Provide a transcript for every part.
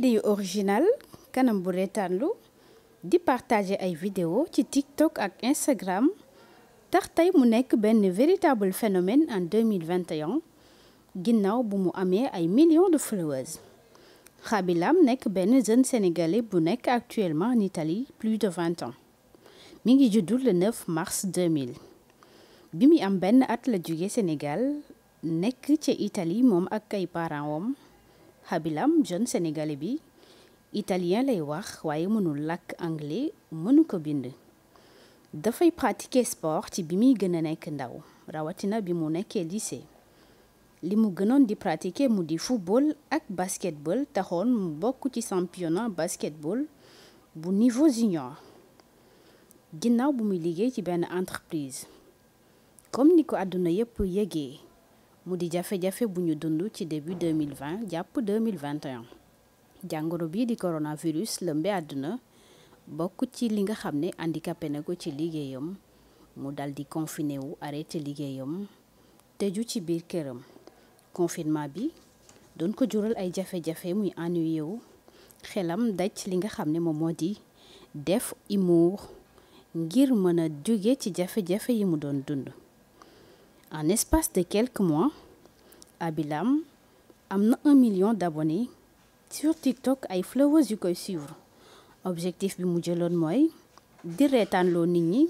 idée yu original kanam bu reetaanlu di partager ay vidéo ci TikTok ak Instagram tax tey mu nekk benn véritable phénomène en 2021 ginnaaw bu mu amee ay millions de followers Khaby Lame nekk benn jeune sénégalais bu nekk actuellement en Italie plus de vingt ans mi ngi juddu le 9 mars 2000 bi muy am benn at la jóge Sénégal nekk ci Italie moom ak ay parents wam Habilam jeune sénégalais bi italien lay wax waaye mënul làkk anglais mënu ko bind dafay pratiquer sport ci bi muy gën nekk ndaw rawatina bi mu nekkee lycée li mu gënoon di pratiquer mu di football ak basketball taxoon mu bokk ci championnat basketball bu niveau junior ginnaaw bu muy liggéey ci benn entreprise comme ni ko àdduna yépp yëgee mu di jafe-jafe bu ñu dund ci début 2020 jàpp 2021 jàngoro bii di coronavirus lëmbe àdduna bokk ci li nga xam ne handicapé na ko ci liggéeyam mu dal di confiné wu arrêté liggéeyam tëju ci biir këram confinement bi doon ko jural ay jafe-jafe muy ennuyé wu xelam daj li nga xam ne moom moo di def humour ngir mën a jóge ci jafe-jafe yi mu doon dund en espace de quelques mois Abilam am na un million d'abonnés sur TikTok ay followers yu koy suivre objectif bi mu jëloon mooy di reetaanloo nit ñi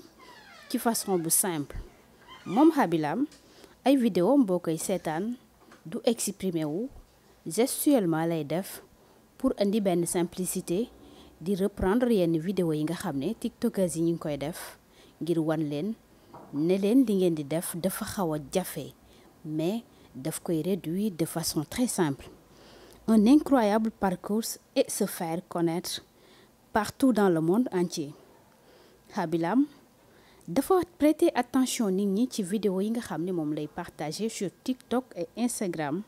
ci façon bu simple moom Abilam ay vidéo boo koy seetaan du exprimer wu gestuellement lay def pour indi benn simplicité di reprendre yenn vidéo yi nga xam ne tiktokers yi ñu ngi koy def ngir wan leen ne leen li ngeen di def dafa xaw a jafe mais daf koy réduire de façon très simple un incroyable parcours et se faire connaître partout dans le monde entier Habilam dafa prêter attention nit ñi ci vidéo yi nga xam ne moom lay partager sur TikTok et Instagram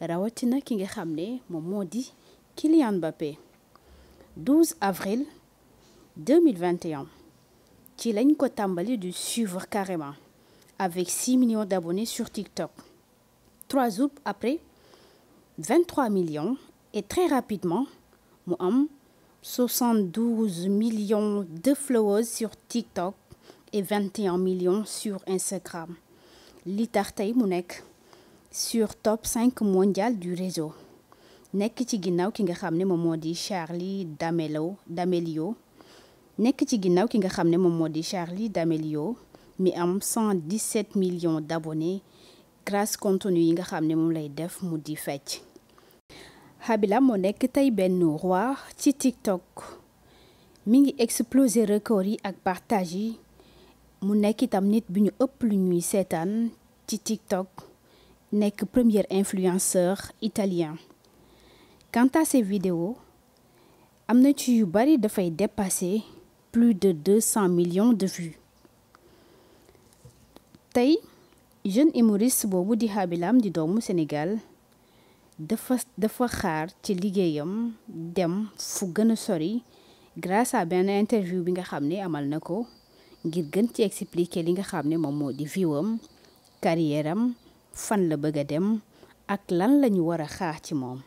rawatina ki nga xam ne moom moo di Kylian Mbappé 12 avril 2021 ci lañ ko tàmbali du suivre carrément avec 6 millions d'abonnés sur TikTok trois jours après 23 millions et très rapidement mu am 72 millions de followers sur TikTok et 21 millions sur Instagram li tax tey mu nekk sur top 5 mondial du réseau nekk ci ginnaaw ki nga xam ne moom moo di Charli D'Amelio D'Amelio nekk ci ginnaaw ki nga xam ne moom moo di Charlie D'Amelio mi am 117 millions d'abonnés grâce contenu yi nga xam ne moom lay def mu di fecc Habila moo nekk tey benn roi ci TikTok mi ngi exploser record yi ak partage yi mu nekk itam nit bi ñu ëpp lu ñuy seetaan ci TikTok nekk premier influenceur italien quant à ses am na ci yu bari dafay dépasser plus de 200 millions de vues tey jeune humoriste boobu di Haby Lame di doomu Sénégal dafa dafa xaar ci liggéeyam dem fu gën a sori grâce à benn interview bi nga xam ne amal na ko ngir gën ci expliquer li nga xam ne moom moo di viwam carrière am fan la bëgg a dem ak lan la ñu war a xaar ci moom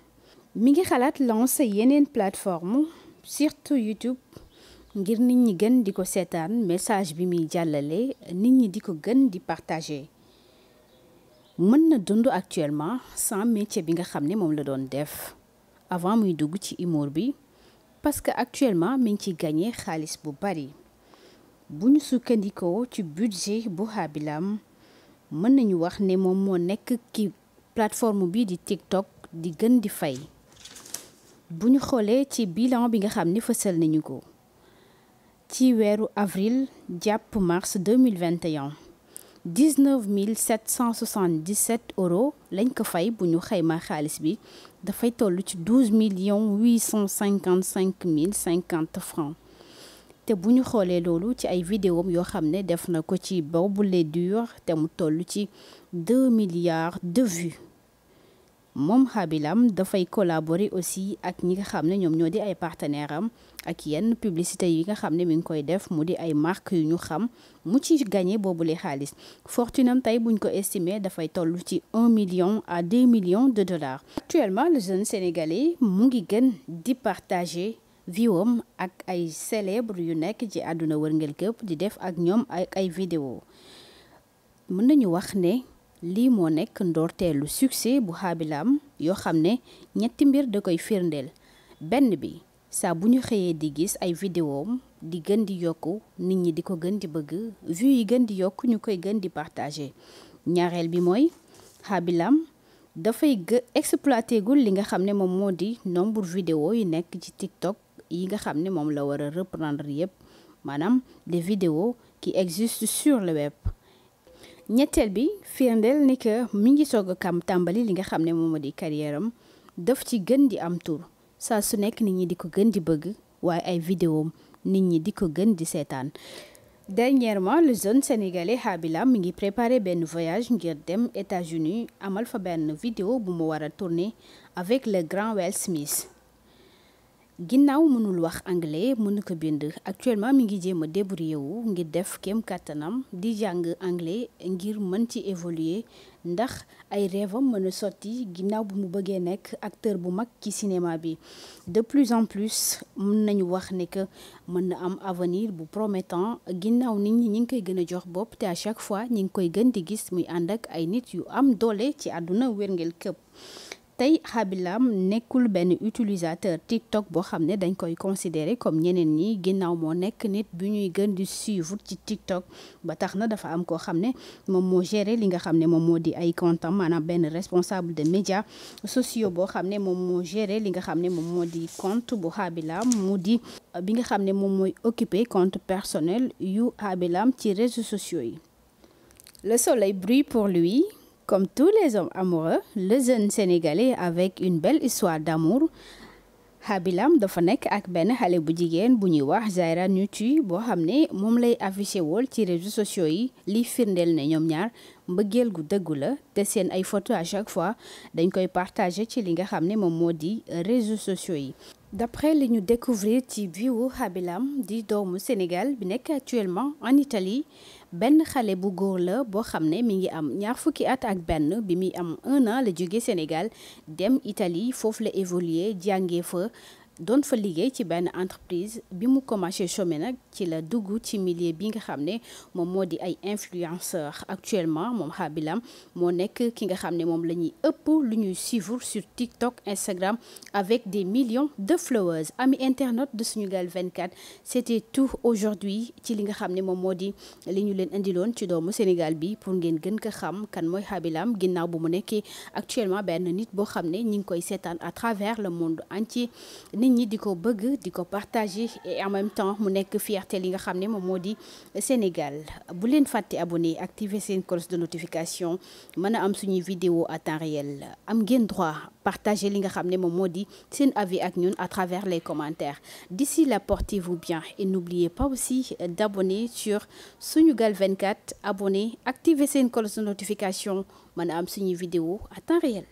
mi ngi xalaat lancer yeneen plateforme surtout YouTube ngir nit ñi gën di ko seetaan message bi muy jàllale nit ñi di ko gën di partager mën na dund actuellement sans métier bi nga xam ne moom la doon def avant muy dugg ci humour bi parce que actuellement mi ngi ciy gagné xaalis bu bari bu ñu sukkandikoo ci budget bu Habilam mën nañu wax ne moom moo nekk ki plateforme bii di TikTok di gën di fay bu ñu xoolee ci bilan bi nga xam ne fësal nañu ko. ci weeru avril jàpp mars 2021 19 777 euros lañ ko fay bu ñu xayma xaalis bi dafay toll ci 12 millions 855 mille 50 francs te bu ñu xoolee loolu ci ay vidéom yoo xam ne def na ko ci boobu les durs te mu toll ci 2 milliards de vues moom Habilam dafay collaborer aussi ak ñi nga xam ne ñoom ñoo di ay partenaire am ak yenn publicité yi nga xam ne mi ngi koy def mu di ay marques yu ñu xam mu ci boobu boobule xaalis fortune am tey buñ ko estimé dafay toll ci un million à deux million de dollars. actuellement le jeune sénégalais mu ngi gën di partager. viwam ak ay célèbre yu nekk ci àdduna wërngël këpp di def ak ñoom ak ay vidéo mën nañu wax ne lii moo nekk ndoorteelu succès bu xaabilaam yoo xam ne ñetti mbir da koy firndeel benn bi saa bu ñu xëyee di gis ay vidéom di gën di yokk nit ñi di ko gën di bëgg vues yi gën di yokk ñu koy gën di partagé ñaareel bi mooy xaabilaam dafay gë exploité li nga xam ne moom moo di nombre vidéo yi nekk ci TikTok yi nga xam ne moom la war a reprendre yépp maanaam des vidéos qui existent sur le web ñetteel bi firndeel ni que mi ngi soog a kam tàmbali li nga xam ne moom di carrière am daf ci gën di am tur saa su nekk nit ñi di ko gën di bëgg waaye ay vidéom nit ñi di ko gën di seetaan dernièrement le jeune sénégalais Habila mi ngi préparé benn voyage ngir dem États-Unis amal fa benn vidéo bu mu war a tourner avec le grand Will Smith ginnaaw mënul wax anglais mënu ko bind actuellement mi ngi jéem a débrouillé wu ngir def kem kàttanam di jàng anglais ngir mën ci évoluer ndax ay rêvam mën a sotti ginnaaw bi mu bëggee nekk acteur bu mag ci cinéma bi de plus en plus mën nañu wax ne que mën na am avenir bu promettant ginnaaw nit ñi ñi ngi koy gën a jox bopp te à chaque fois ñi ngi koy gën di gis muy ànd ak ay nit yu am doole ci àdduna wérngel këpp tey Khaby Lame nekkul benn utilisateur TikTok boo xam ne dañ koy considérer comme ñeneen ñi ginnaaw moo nekk nit bu ñuy gën di suivre ci TikTok ba tax na dafa am koo xam ne moom moo gérer li nga xam ne moom moo di ay comptam maanaam benn responsable de médias sociaux boo xam ne moom moo gérer li nga xam ne moom moo di compte bu Khaby Lame mu di euh, bi nga xam ne moom mooy occuper compte personnel yu Khaby ci réseaux sociaux yi le soleil brille pour lui Comme tous les hommes amoureux, le jeune Sénégalais avec une belle histoire d'amour Habilam dafa nekk ak benn xale bu jigéen bu ñuy wax Zaira Nutu boo xam ne moom lay affiché wool ci réseaux sociaux yi liy firndeel ne ñoom ñaar mbëggeel gu dëggu la te seen ay photo à chaque fois dañ koy partagé ci li nga xam ne moom moo di réseaux sociaux yi d'après li ñu découvrir ci viwu xabilam di doomu Sénégal bi nekk actuellement en Italie benn xale bu góor la boo xam ne mi ngi am ñaar fukki at ak benn bi muy am un an la jóge Sénégal dem Italie foofu la évoluer jàngee fa doon fa liggéey ci benn entreprise bi mu commencé chômer nag ci la dugg ci milieu bi nga xam ne moom moo di ay influenceur actuellement moom Habilam moo nekk ki nga xam ne moom la ñuy ëpp lu ñuy suivre sur TikTok Instagram avec des millions de followers ami internautes de Sunugal 24 c'était tout aujourd'hui ci li nga xam ne moo di li ñu leen indiloon ci doomu Sénégal bi pour ngeen gën ko xam kan mooy Habilam ginnaaw bu mu nekkee actuellement benn nit boo xam ne ñi ngi koy seetaan à travers le monde entier ñi di ko bëgg di ko partager et en même temps mu nekk fierté li nga xam ne moom moo di Sénégal bu leen fàtte abonné activer seen cloche de notification mën a am suñuy vidéo à temps réel am ngeen droit partager li nga xam ne moom moo di seen avis ak ñun à travers les commentaires d'ici là portez-vous bien et n'oubliez pas aussi d'abonner sur Sunugal 24 abonné activer seen cloche de notification mën a am suñuy vidéo à temps réel